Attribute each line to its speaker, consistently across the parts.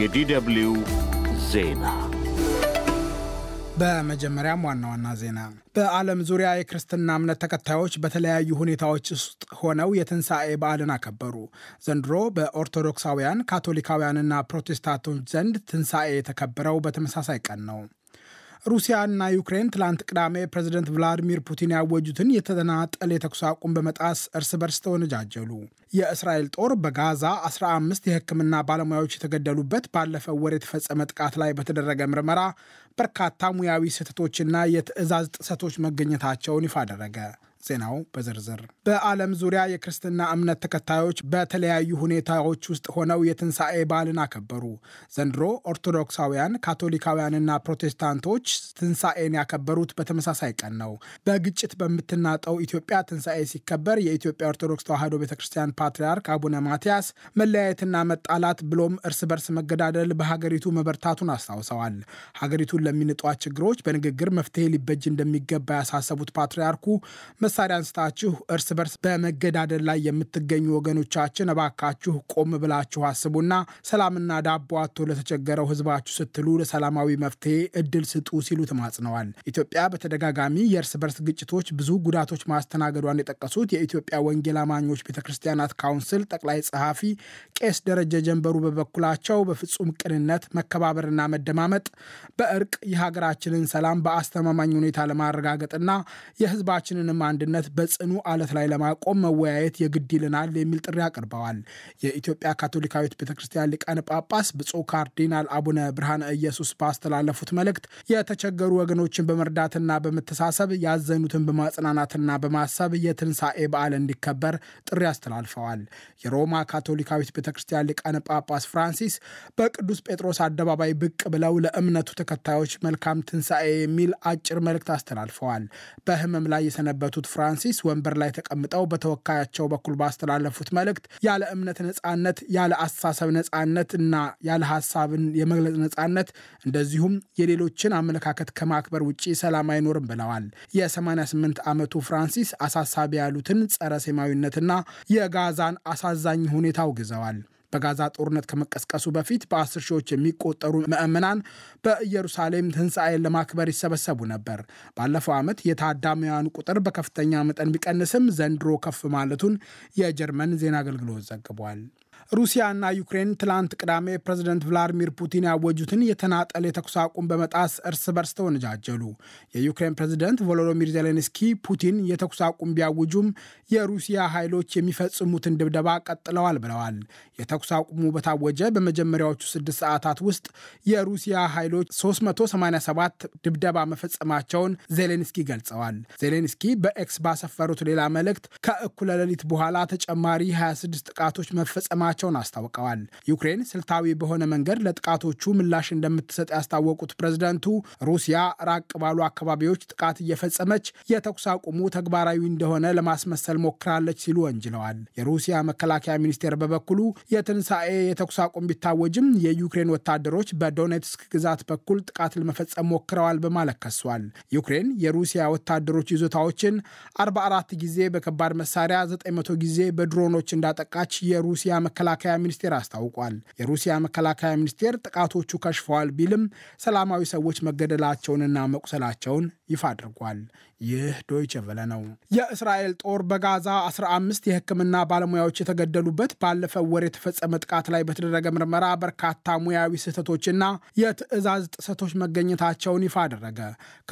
Speaker 1: የዲደብልዩ ዜና በመጀመሪያም ዋና ዋና ዜና በዓለም ዙሪያ የክርስትና እምነት ተከታዮች በተለያዩ ሁኔታዎች ውስጥ ሆነው የትንሣኤ በዓልን አከበሩ። ዘንድሮ በኦርቶዶክሳውያን ካቶሊካውያንና ፕሮቴስታንቶች ዘንድ ትንሣኤ የተከበረው በተመሳሳይ ቀን ነው። ሩሲያና ዩክሬን ትላንት ቅዳሜ ፕሬዝደንት ቭላዲሚር ፑቲን ያወጁትን የተናጠል የተኩስ አቁም በመጣስ እርስ በርስ ተወነጃጀሉ። የእስራኤል ጦር በጋዛ 15 የሕክምና ባለሙያዎች የተገደሉበት ባለፈው ወር የተፈጸመ ጥቃት ላይ በተደረገ ምርመራ በርካታ ሙያዊ ስህተቶችና የትዕዛዝ ጥሰቶች መገኘታቸውን ይፋ አደረገ። ዜናው በዝርዝር በዓለም ዙሪያ የክርስትና እምነት ተከታዮች በተለያዩ ሁኔታዎች ውስጥ ሆነው የትንሣኤ በዓልን አከበሩ። ዘንድሮ ኦርቶዶክሳውያን፣ ካቶሊካውያንና ፕሮቴስታንቶች ትንሣኤን ያከበሩት በተመሳሳይ ቀን ነው። በግጭት በምትናጠው ኢትዮጵያ ትንሣኤ ሲከበር የኢትዮጵያ ኦርቶዶክስ ተዋሕዶ ቤተ ክርስቲያን ፓትርያርክ አቡነ ማትያስ መለያየትና መጣላት ብሎም እርስ በርስ መገዳደል በሀገሪቱ መበርታቱን አስታውሰዋል። ሀገሪቱን ለሚንጧት ችግሮች በንግግር መፍትሄ ሊበጅ እንደሚገባ ያሳሰቡት ፓትርያርኩ መሳሪያ አንስታችሁ እርስ በርስ በመገዳደል ላይ የምትገኙ ወገኖቻችን እባካችሁ ቆም ብላችሁ አስቡና ሰላምና ዳቦ አቶ ለተቸገረው ህዝባችሁ ስትሉ ለሰላማዊ መፍትሄ እድል ስጡ ሲሉ ተማጽነዋል። ኢትዮጵያ በተደጋጋሚ የእርስ በርስ ግጭቶች ብዙ ጉዳቶች ማስተናገዷን የጠቀሱት የኢትዮጵያ ወንጌል አማኞች ቤተ ክርስቲያናት ካውንስል ጠቅላይ ጸሐፊ ቄስ ደረጀ ጀንበሩ በበኩላቸው በፍጹም ቅንነት መከባበርና መደማመጥ በእርቅ የሀገራችንን ሰላም በአስተማማኝ ሁኔታ ለማረጋገጥና የህዝባችንንም አንድ አንድነት በጽኑ አለት ላይ ለማቆም መወያየት የግድ ይልናል የሚል ጥሪ አቅርበዋል። የኢትዮጵያ ካቶሊካዊት ቤተክርስቲያን ሊቃነ ጳጳስ ብፁዕ ካርዲናል አቡነ ብርሃነ ኢየሱስ ባስተላለፉት መልእክት የተቸገሩ ወገኖችን በመርዳትና በመተሳሰብ ያዘኑትን በማጽናናትና በማሰብ የትንሣኤ በዓል እንዲከበር ጥሪ አስተላልፈዋል። የሮማ ካቶሊካዊት ቤተክርስቲያን ሊቃን ሊቃነ ጳጳስ ፍራንሲስ በቅዱስ ጴጥሮስ አደባባይ ብቅ ብለው ለእምነቱ ተከታዮች መልካም ትንሣኤ የሚል አጭር መልእክት አስተላልፈዋል። በህመም ላይ የሰነበቱት ፍራንሲስ ወንበር ላይ ተቀምጠው በተወካያቸው በኩል ባስተላለፉት መልእክት ያለ እምነት ነጻነት፣ ያለ አስተሳሰብ ነጻነት እና ያለ ሀሳብን የመግለጽ ነጻነት እንደዚሁም የሌሎችን አመለካከት ከማክበር ውጭ ሰላም አይኖርም ብለዋል። የ88 ዓመቱ ፍራንሲስ አሳሳቢ ያሉትን ጸረ ሴማዊነትና የጋዛን አሳዛኝ ሁኔታ አውግዘዋል። በጋዛ ጦርነት ከመቀስቀሱ በፊት በአስር ሺዎች የሚቆጠሩ ምዕመናን በኢየሩሳሌም ትንሣኤን ለማክበር ይሰበሰቡ ነበር። ባለፈው ዓመት የታዳሚያኑ ቁጥር በከፍተኛ መጠን ቢቀንስም ዘንድሮ ከፍ ማለቱን የጀርመን ዜና አገልግሎት ዘግቧል። ሩሲያና ዩክሬን ትላንት ቅዳሜ ፕሬዝደንት ቭላዲሚር ፑቲን ያወጁትን የተናጠል የተኩስ አቁም በመጣስ እርስ በርስ ተወነጃጀሉ። የዩክሬን ፕሬዝደንት ቮሎዶሚር ዜሌንስኪ ፑቲን የተኩስ አቁም ቢያውጁም የሩሲያ ኃይሎች የሚፈጽሙትን ድብደባ ቀጥለዋል ብለዋል። የተኩስ አቁሙ በታወጀ በመጀመሪያዎቹ ስድስት ሰዓታት ውስጥ የሩሲያ ኃይሎች 387 ድብደባ መፈጸማቸውን ዜሌንስኪ ገልጸዋል። ዜሌንስኪ በኤክስ ባሰፈሩት ሌላ መልእክት ከእኩለ ሌሊት በኋላ ተጨማሪ 26 ጥቃቶች መፈጸማ መሆናቸውን አስታውቀዋል። ዩክሬን ስልታዊ በሆነ መንገድ ለጥቃቶቹ ምላሽ እንደምትሰጥ ያስታወቁት ፕሬዝደንቱ ሩሲያ ራቅ ባሉ አካባቢዎች ጥቃት እየፈጸመች የተኩስ አቁሙ ተግባራዊ እንደሆነ ለማስመሰል ሞክራለች ሲሉ ወንጅለዋል። የሩሲያ መከላከያ ሚኒስቴር በበኩሉ የትንሣኤ የተኩስ አቁም ቢታወጅም የዩክሬን ወታደሮች በዶኔትስክ ግዛት በኩል ጥቃት ለመፈጸም ሞክረዋል በማለት ከሷል። ዩክሬን የሩሲያ ወታደሮች ይዞታዎችን 44 ጊዜ በከባድ መሳሪያ 900 ጊዜ በድሮኖች እንዳጠቃች የሩሲያ መከላከያ ሚኒስቴር አስታውቋል። የሩሲያ መከላከያ ሚኒስቴር ጥቃቶቹ ከሽፈዋል ቢልም ሰላማዊ ሰዎች መገደላቸውንና መቁሰላቸውን ይፋ አድርጓል። ይህ ዶይቸ ነው። የእስራኤል ጦር በጋዛ 15 የሕክምና ባለሙያዎች የተገደሉበት ባለፈው ወር የተፈጸመ ጥቃት ላይ በተደረገ ምርመራ በርካታ ሙያዊ ስህተቶችና የትዕዛዝ ጥሰቶች መገኘታቸውን ይፋ አደረገ።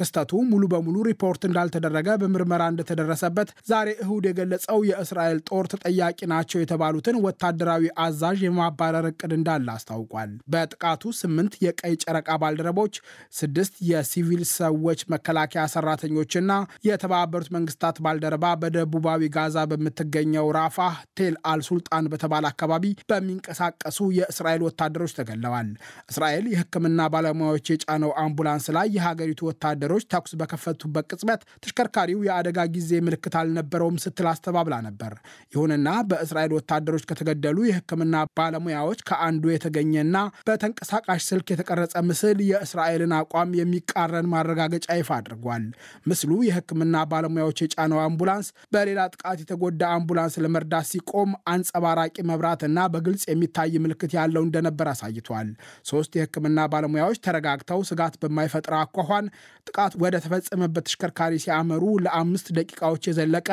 Speaker 1: ክስተቱ ሙሉ በሙሉ ሪፖርት እንዳልተደረገ በምርመራ እንደተደረሰበት ዛሬ እሁድ የገለጸው የእስራኤል ጦር ተጠያቂ ናቸው የተባሉትን ወታደራዊ ወታደራዊ አዛዥ የማባረር እቅድ እንዳለ አስታውቋል። በጥቃቱ ስምንት የቀይ ጨረቃ ባልደረቦች፣ ስድስት የሲቪል ሰዎች መከላከያ ሰራተኞችና የተባበሩት መንግስታት ባልደረባ በደቡባዊ ጋዛ በምትገኘው ራፋ ቴል አልሱልጣን በተባለ አካባቢ በሚንቀሳቀሱ የእስራኤል ወታደሮች ተገለዋል። እስራኤል የሕክምና ባለሙያዎች የጫነው አምቡላንስ ላይ የሀገሪቱ ወታደሮች ተኩስ በከፈቱበት ቅጽበት ተሽከርካሪው የአደጋ ጊዜ ምልክት አልነበረውም ስትል አስተባብላ ነበር። ይሁንና በእስራኤል ወታደሮች ከተገደሉ የሕክምና ባለሙያዎች ከአንዱ የተገኘና በተንቀሳቃሽ ስልክ የተቀረጸ ምስል የእስራኤልን አቋም የሚቃረን ማረጋገጫ ይፋ አድርጓል። ምስሉ የሕክምና ባለሙያዎች የጫነው አምቡላንስ በሌላ ጥቃት የተጎዳ አምቡላንስ ለመርዳት ሲቆም አንጸባራቂ መብራትና በግልጽ የሚታይ ምልክት ያለው እንደነበር አሳይቷል። ሶስት የሕክምና ባለሙያዎች ተረጋግተው ስጋት በማይፈጥር አኳኋን ጥቃት ወደ ተፈጸመበት ተሽከርካሪ ሲያመሩ ለአምስት ደቂቃዎች የዘለቀ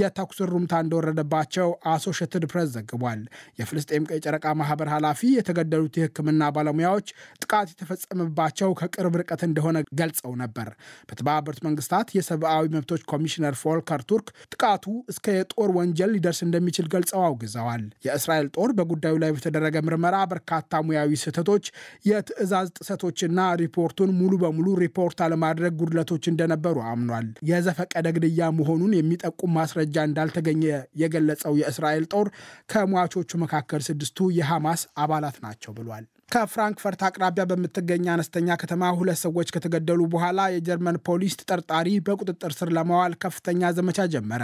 Speaker 1: የተኩስ ሩምታ እንደወረደባቸው አሶሽትድ ፕሬስ ዘግቧል። የፍልስጤም ቀይ ጨረቃ ማህበር ኃላፊ የተገደሉት የህክምና ባለሙያዎች ጥቃት የተፈጸመባቸው ከቅርብ ርቀት እንደሆነ ገልጸው ነበር። በተባበሩት መንግስታት የሰብአዊ መብቶች ኮሚሽነር ፎልከር ቱርክ ጥቃቱ እስከ የጦር ወንጀል ሊደርስ እንደሚችል ገልጸው አውግዘዋል። የእስራኤል ጦር በጉዳዩ ላይ በተደረገ ምርመራ በርካታ ሙያዊ ስህተቶች፣ የትዕዛዝ ጥሰቶችና ሪፖርቱን ሙሉ በሙሉ ሪፖርት አለማድረግ ጉድለቶች እንደነበሩ አምኗል። የዘፈቀደ ግድያ መሆኑን የሚጠቁም ማስረጃ እንዳልተገኘ የገለጸው የእስራኤል ጦር ከሟቾቹ መካከል ስድስቱ የሐማስ አባላት ናቸው ብሏል። ከፍራንክፈርት አቅራቢያ በምትገኝ አነስተኛ ከተማ ሁለት ሰዎች ከተገደሉ በኋላ የጀርመን ፖሊስ ተጠርጣሪ በቁጥጥር ስር ለማዋል ከፍተኛ ዘመቻ ጀመረ።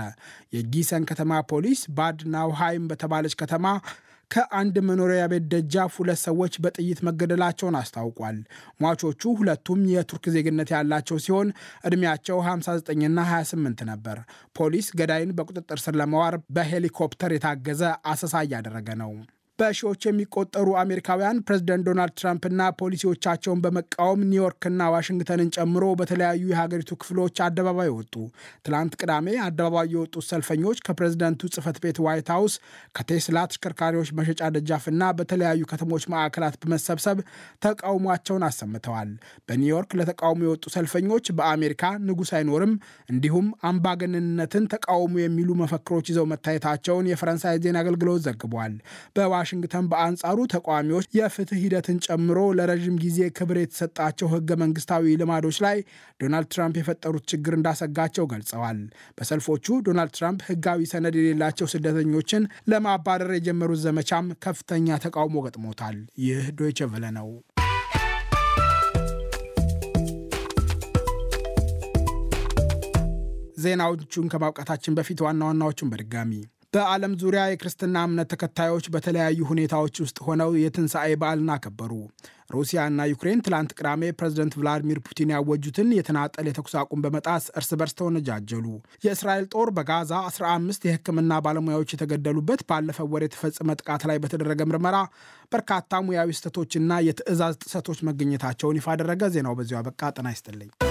Speaker 1: የጊሰን ከተማ ፖሊስ ባድናውሃይም በተባለች ከተማ ከአንድ መኖሪያ ቤት ደጃፍ ሁለት ሰዎች በጥይት መገደላቸውን አስታውቋል። ሟቾቹ ሁለቱም የቱርክ ዜግነት ያላቸው ሲሆን ዕድሜያቸው 59ና 28 ነበር። ፖሊስ ገዳይን በቁጥጥር ስር ለመዋር በሄሊኮፕተር የታገዘ አሰሳ እያደረገ ነው። በሺዎች የሚቆጠሩ አሜሪካውያን ፕሬዝደንት ዶናልድ ትራምፕና ፖሊሲዎቻቸውን በመቃወም ኒውዮርክና ዋሽንግተንን ጨምሮ በተለያዩ የሀገሪቱ ክፍሎች አደባባይ ወጡ። ትላንት ቅዳሜ አደባባይ የወጡት ሰልፈኞች ከፕሬዝደንቱ ጽህፈት ቤት ዋይት ሀውስ፣ ከቴስላ ተሽከርካሪዎች መሸጫ ደጃፍና በተለያዩ ከተሞች ማዕከላት በመሰብሰብ ተቃውሟቸውን አሰምተዋል። በኒውዮርክ ለተቃውሞ የወጡ ሰልፈኞች በአሜሪካ ንጉሥ አይኖርም እንዲሁም አምባገነንነትን ተቃውሞ የሚሉ መፈክሮች ይዘው መታየታቸውን የፈረንሳይ ዜና አገልግሎት ዘግቧል። ዋሽንግተን በአንጻሩ ተቃዋሚዎች የፍትህ ሂደትን ጨምሮ ለረዥም ጊዜ ክብር የተሰጣቸው ህገ መንግስታዊ ልማዶች ላይ ዶናልድ ትራምፕ የፈጠሩት ችግር እንዳሰጋቸው ገልጸዋል። በሰልፎቹ ዶናልድ ትራምፕ ህጋዊ ሰነድ የሌላቸው ስደተኞችን ለማባረር የጀመሩት ዘመቻም ከፍተኛ ተቃውሞ ገጥሞታል። ይህ ዶይቸ ነው። ዜናዎቹን ከማብቃታችን በፊት ዋና ዋናዎቹን በድጋሚ በዓለም ዙሪያ የክርስትና እምነት ተከታዮች በተለያዩ ሁኔታዎች ውስጥ ሆነው የትንሣኤ በዓልን አከበሩ። ሩሲያና ዩክሬን ትላንት ቅዳሜ ፕሬዝደንት ቭላዲሚር ፑቲን ያወጁትን የተናጠል የተኩስ አቁም በመጣስ እርስ በርስ ተወነጃጀሉ። የእስራኤል ጦር በጋዛ 15 የሕክምና ባለሙያዎች የተገደሉበት ባለፈው ወር የተፈጸመ ጥቃት ላይ በተደረገ ምርመራ በርካታ ሙያዊ ስህተቶችና የትዕዛዝ ጥሰቶች መገኘታቸውን ይፋ አደረገ። ዜናው በዚሁ አበቃ። ጤና ይስጥልኝ።